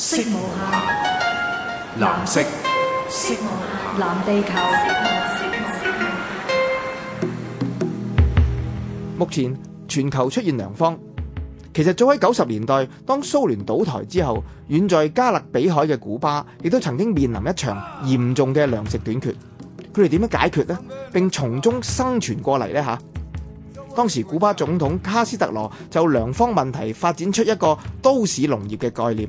色無暇，藍色。色無暇，藍地球。目前全球出現糧荒，其實早喺九十年代，當蘇聯倒台之後，遠在加勒比海嘅古巴，亦都曾經面臨一場嚴重嘅糧食短缺。佢哋點樣解決呢，並從中生存過嚟呢？吓，當時古巴總統卡斯特羅就糧荒問題發展出一個都市農業嘅概念。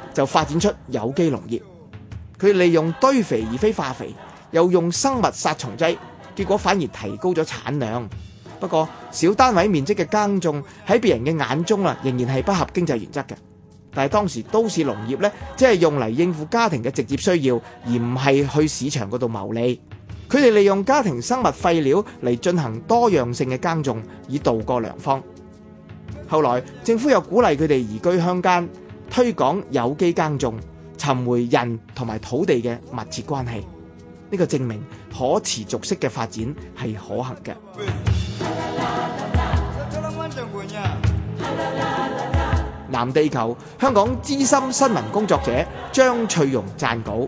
就發展出有機農業，佢利用堆肥而非化肥，又用生物殺蟲劑，結果反而提高咗產量。不過小單位面積嘅耕種喺別人嘅眼中啊，仍然係不合經濟原則嘅。但係當時都市農業咧，即係用嚟應付家庭嘅直接需要，而唔係去市場嗰度牟利。佢哋利用家庭生物廢料嚟進行多樣性嘅耕種，以度過糧荒。後來政府又鼓勵佢哋移居鄉間。推廣有機耕種，尋回人同埋土地嘅密切關係，呢、這個證明可持續式嘅發展係可行嘅。藍地球，香港資深新聞工作者張翠容撰稿。